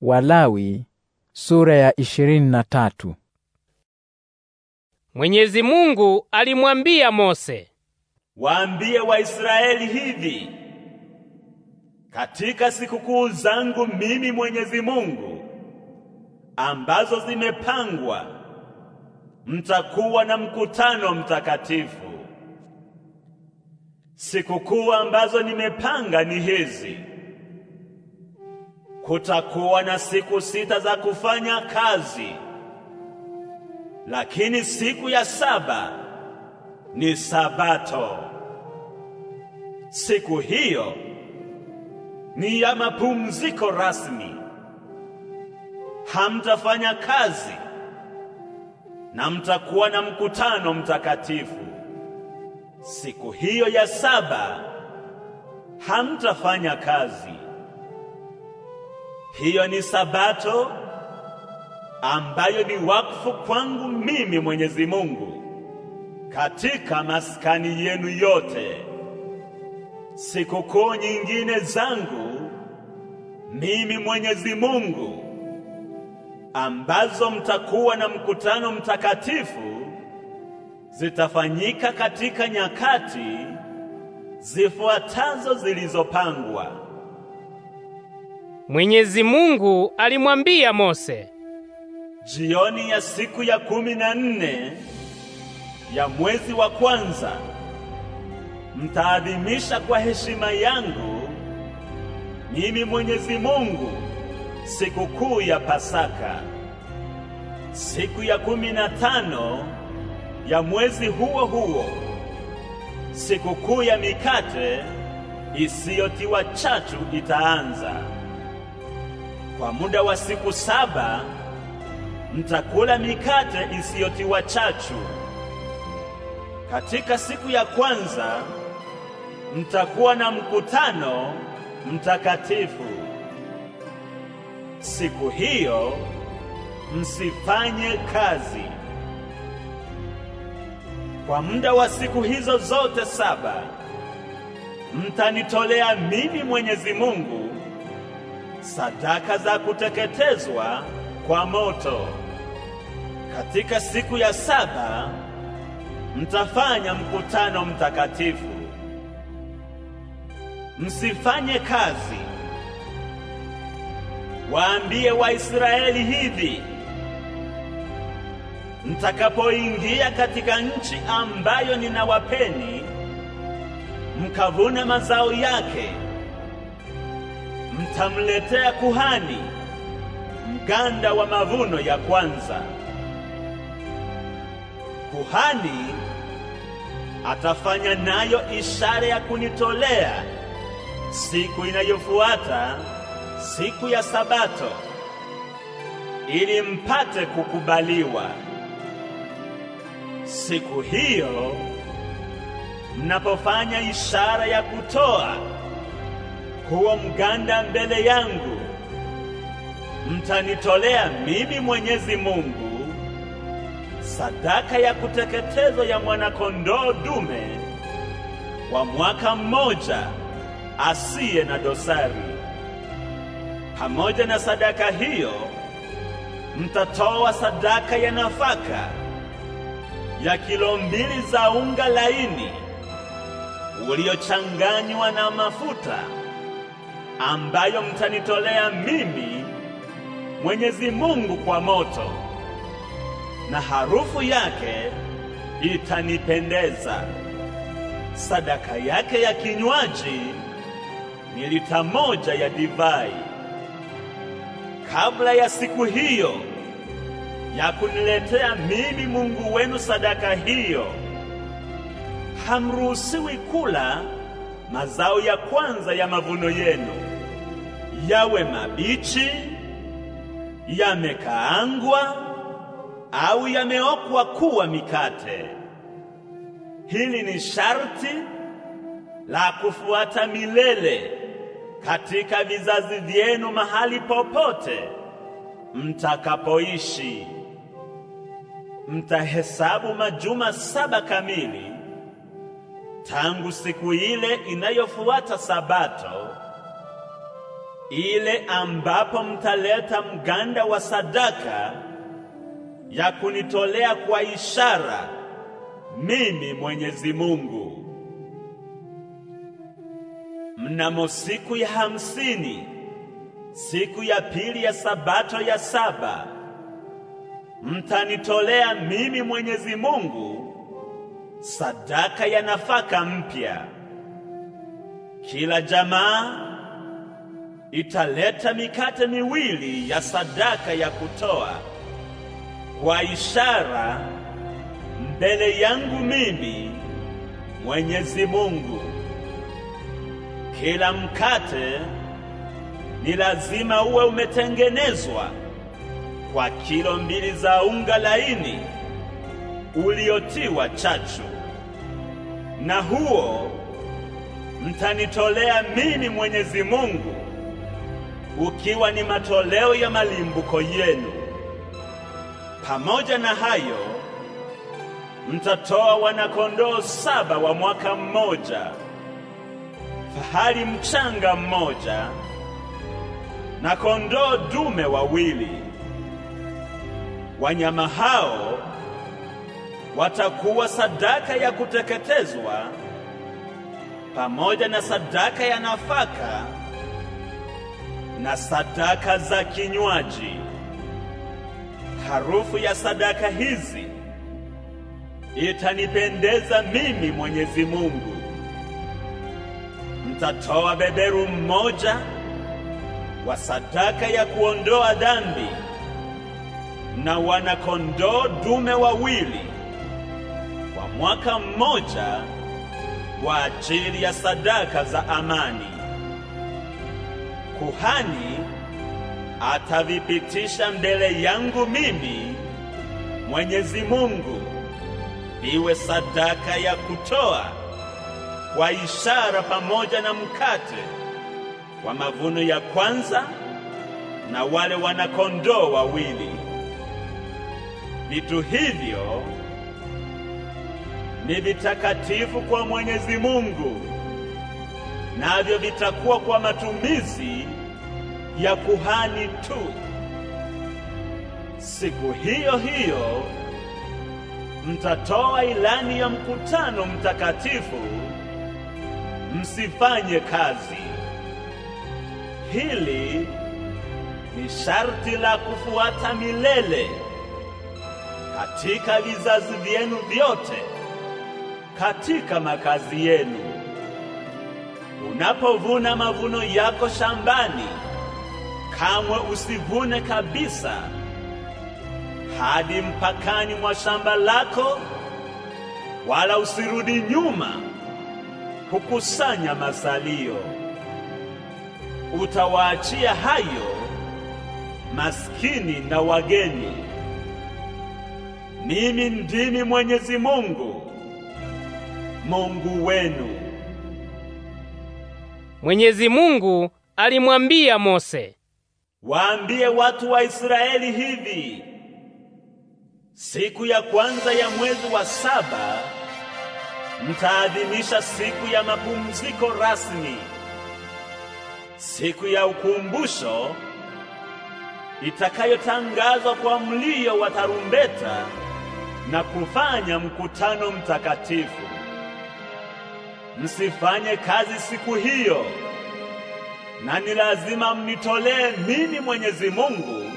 Walawi sura ya na tatu. Mwenyezi Mungu alimwambia Mose, waambie Waisraeli hivi, katika sikukuu zangu mimi Mwenyezi Mungu ambazo zimepangwa, mtakuwa na mkutano mtakatifu. Sikukuu ambazo nimepanga ni hizi: Kutakuwa na siku sita za kufanya kazi, lakini siku ya saba ni Sabato. Siku hiyo ni ya mapumziko rasmi, hamtafanya kazi na mtakuwa na mkutano mtakatifu. Siku hiyo ya saba hamtafanya kazi. Hiyo ni sabato ambayo ni wakfu kwangu mimi Mwenyezi Mungu katika maskani yenu yote. Sikukuu nyingine zangu mimi Mwenyezi Mungu ambazo mtakuwa na mkutano mtakatifu zitafanyika katika nyakati zifuatazo zilizopangwa. Mwenyezi Mungu alimwambia Mose, jioni ya siku ya kumi na nne ya mwezi wa kwanza mtaadhimisha kwa heshima yangu mimi Mwenyezi Mungu sikukuu ya Pasaka. Siku ya kumi na tano ya mwezi huo huo, sikukuu ya mikate isiyotiwa chachu itaanza. Kwa muda wa siku saba mtakula mikate isiyotiwa chachu. Katika siku ya kwanza mtakuwa na mkutano mtakatifu. Siku hiyo msifanye kazi. Kwa muda wa siku hizo zote saba mtanitolea mimi Mwenyezi Mungu sadaka za kuteketezwa kwa moto. Katika siku ya saba mtafanya mkutano mtakatifu. Msifanye kazi. Waambie Waisraeli hivi: mtakapoingia katika nchi ambayo ninawapeni, mkavune mazao yake mtamletea kuhani mganda wa mavuno ya kwanza. Kuhani atafanya nayo ishara ya kunitolea siku inayofuata, siku ya Sabato, ili mpate kukubaliwa. Siku hiyo mnapofanya ishara ya kutoa kuwa mganda mbele yangu, mtanitolea mimi Mwenyezi Mungu sadaka ya kuteketezwa ya mwanakondoo dume wa mwaka mmoja asiye na dosari. Pamoja na sadaka hiyo mtatoa sadaka ya nafaka ya kilo mbili za unga laini uliochanganywa na mafuta ambayo mtanitolea mimi Mwenyezi Mungu kwa moto, na harufu yake itanipendeza. Sadaka yake ya kinywaji ni lita moja ya divai. Kabla ya siku hiyo ya kuniletea mimi Mungu wenu sadaka hiyo, hamruhusiwi kula mazao ya kwanza ya mavuno yenu yawe mabichi, yamekaangwa au yameokwa kuwa mikate. Hili ni sharti la kufuata milele katika vizazi vyenu mahali popote mtakapoishi. Mtahesabu majuma saba kamili tangu siku ile inayofuata Sabato ile ambapo mtaleta mganda wa sadaka ya kunitolea kwa ishara, mimi Mwenyezi Mungu. Mnamo siku ya hamsini, siku ya pili ya sabato ya saba, mtanitolea mimi Mwenyezi Mungu sadaka ya nafaka mpya. Kila jamaa italeta mikate miwili ya sadaka ya kutoa kwa ishara mbele yangu mimi Mwenyezi Mungu. Kila mkate ni lazima uwe umetengenezwa kwa kilo mbili za unga laini uliotiwa chachu, na huo mtanitolea mimi Mwenyezi Mungu ukiwa ni matoleo ya malimbuko yenu. Pamoja na hayo, mtatoa wanakondoo saba wa mwaka mmoja, fahali mchanga mmoja, na kondoo dume wawili. Wanyama hao watakuwa sadaka ya kuteketezwa pamoja na sadaka ya nafaka na sadaka za kinywaji. Harufu ya sadaka hizi itanipendeza mimi Mwenyezi Mungu. Mtatoa beberu mmoja wa sadaka ya kuondoa dhambi na wanakondoo dume wawili kwa mwaka mmoja kwa ajili ya sadaka za amani kuhani atavipitisha mbele yangu mimi Mwenyezi Mungu viwe sadaka ya kutoa kwa ishara pamoja na mkate wa mavuno ya kwanza na wale wanakondoo wawili. Vitu hivyo ni vitakatifu kwa Mwenyezi Mungu navyo vitakuwa kwa matumizi ya kuhani tu. Siku hiyo hiyo mtatoa ilani ya mkutano mtakatifu, msifanye kazi. Hili ni sharti la kufuata milele katika vizazi vyenu vyote, katika makazi yenu. Unapovuna mavuno yako shambani, kamwe usivune kabisa hadi mpakani mwa shamba lako, wala usirudi nyuma kukusanya masalio. Utawaachia hayo maskini na wageni. Mimi ndimi Mwenyezi Mungu, Mungu wenu. Mwenyezi Mungu alimwambia Mose, waambie watu wa Israeli hivi, siku ya kwanza ya mwezi wa saba mtaadhimisha siku ya mapumziko rasmi, siku ya ukumbusho itakayotangazwa kwa mlio wa tarumbeta na kufanya mkutano mtakatifu msifanye kazi siku hiyo, na ni lazima mnitolee mimi Mwenyezi Mungu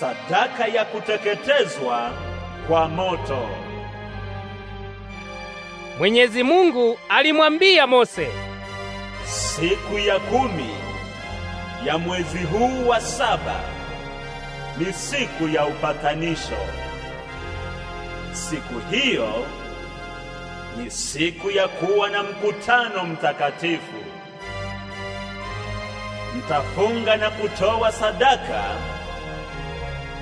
sadaka ya kuteketezwa kwa moto. Mwenyezi Mungu alimwambia Mose, siku ya kumi ya mwezi huu wa saba ni siku ya upatanisho. Siku hiyo ni siku ya kuwa na mkutano mtakatifu. Mtafunga na kutoa sadaka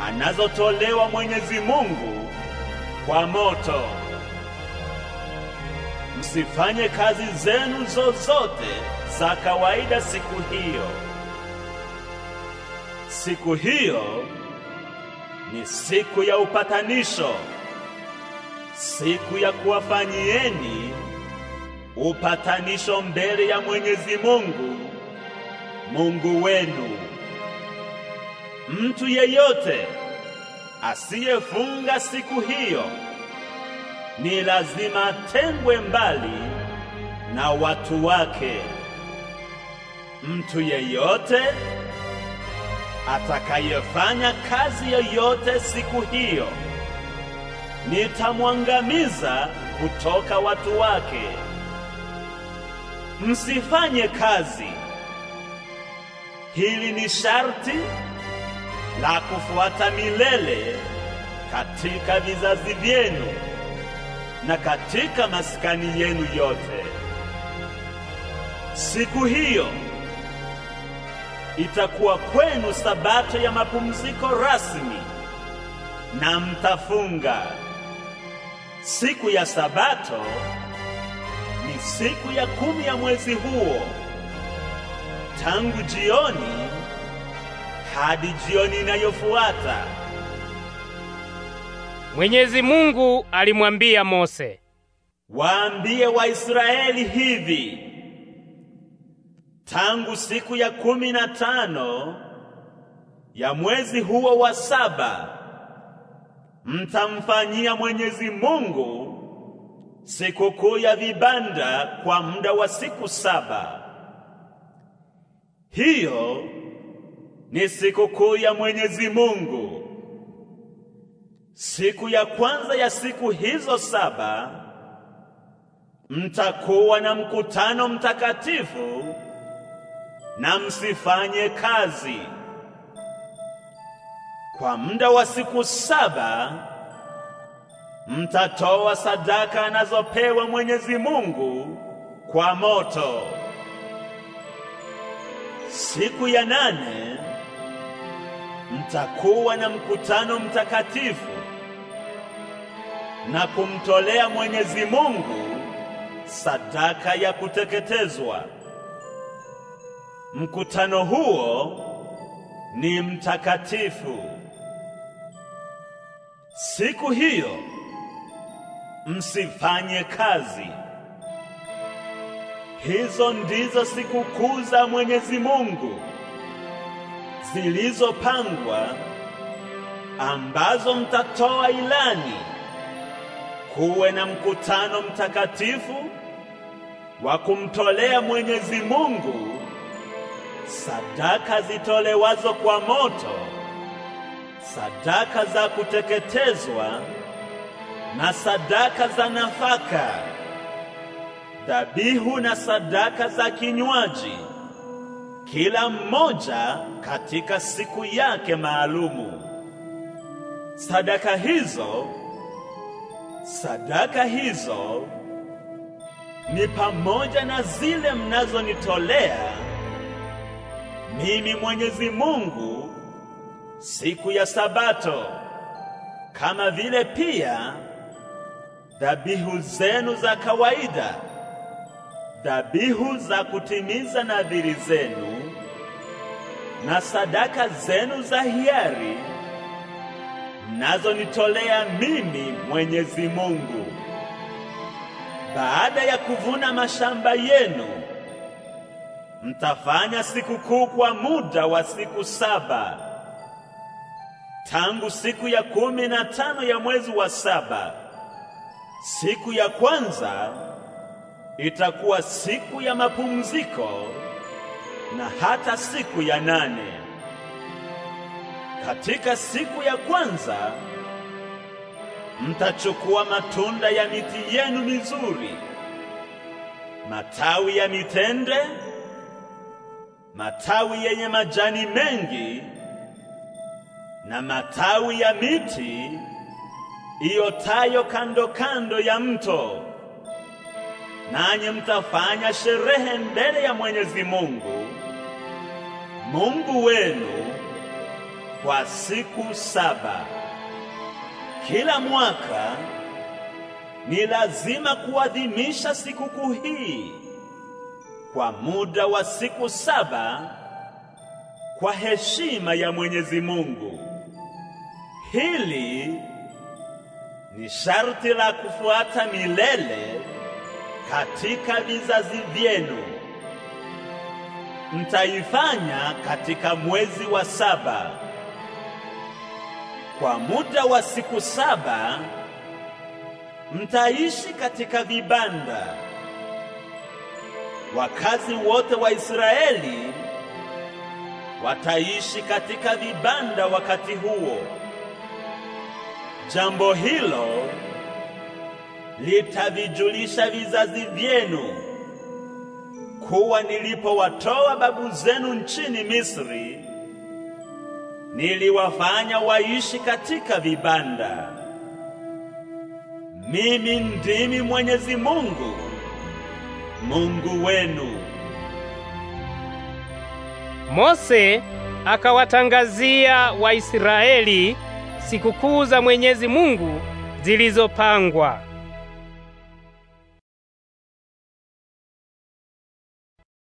anazotolewa Mwenyezi Mungu kwa moto. Msifanye kazi zenu zozote za kawaida siku hiyo. Siku hiyo ni siku ya upatanisho siku ya kuwafanyieni upatanisho mbele ya Mwenyezi Mungu Mungu wenu. Mtu yeyote asiyefunga siku hiyo ni lazima tengwe mbali na watu wake. Mtu yeyote atakayefanya kazi yoyote siku hiyo nitamwangamiza kutoka watu wake. Msifanye kazi. Hili ni sharti la kufuata milele katika vizazi vyenu na katika maskani yenu yote. Siku hiyo itakuwa kwenu sabato ya mapumziko rasmi, na mtafunga. Siku ya Sabato ni siku ya kumi ya mwezi huo, tangu jioni hadi jioni inayofuata. Mwenyezi Mungu alimwambia Mose, waambie Waisraeli hivi, tangu siku ya kumi na tano ya mwezi huo wa saba mtamfanyia Mwenyezi Mungu sikukuu ya vibanda kwa muda wa siku saba. Hiyo ni sikukuu ya Mwenyezi Mungu. Siku ya kwanza ya siku hizo saba mtakuwa na mkutano mtakatifu na msifanye kazi. Kwa muda wa siku saba mtatoa sadaka anazopewa Mwenyezi Mungu kwa moto. Siku ya nane mtakuwa na mkutano mtakatifu na kumtolea Mwenyezi Mungu sadaka ya kuteketezwa. Mkutano huo ni mtakatifu. Siku hiyo msifanye kazi. Hizo ndizo sikukuu za Mwenyezi Mungu zilizopangwa ambazo mtatoa ilani. Kuwe na mkutano mtakatifu wa kumtolea Mwenyezi Mungu sadaka zitolewazo kwa moto sadaka za kuteketezwa na sadaka za nafaka, dhabihu na sadaka za kinywaji, kila mmoja katika siku yake maalumu. Sadaka hizo sadaka hizo ni pamoja na zile mnazonitolea mimi Mwenyezi Mungu siku ya Sabato, kama vile pia dhabihu zenu za kawaida, dhabihu za kutimiza nadhiri zenu na sadaka zenu za hiari, nazonitolea mimi Mwenyezi Mungu. Baada ya kuvuna mashamba yenu, mtafanya sikukuu kwa muda wa siku saba tangu siku ya kumi na tano ya mwezi wa saba, siku ya kwanza itakuwa siku ya mapumziko, na hata siku ya nane. Katika siku ya kwanza mtachukua matunda ya miti yenu mizuri, matawi ya mitende, matawi yenye majani mengi na matawi ya miti iotayo kando kando ya mto, nanyi mtafanya sherehe mbele ya Mwenyezi Mungu Mungu wenu kwa siku saba. Kila mwaka ni lazima kuadhimisha sikukuu hii kwa muda wa siku saba kwa heshima ya Mwenyezi Mungu. Hili ni sharti la kufuata milele katika vizazi vyenu. Mtaifanya katika mwezi wa saba kwa muda wa siku saba. Mtaishi katika vibanda. Wakazi wote wa Israeli wataishi katika vibanda wakati huo. Jambo hilo litavijulisha vizazi vyenu kuwa nilipowatoa babu zenu nchini Misri niliwafanya waishi katika vibanda. Mimi ndimi Mwenyezi Mungu, Mungu wenu. Mose akawatangazia Waisraeli sikukuu za Mwenyezi Mungu zilizopangwa.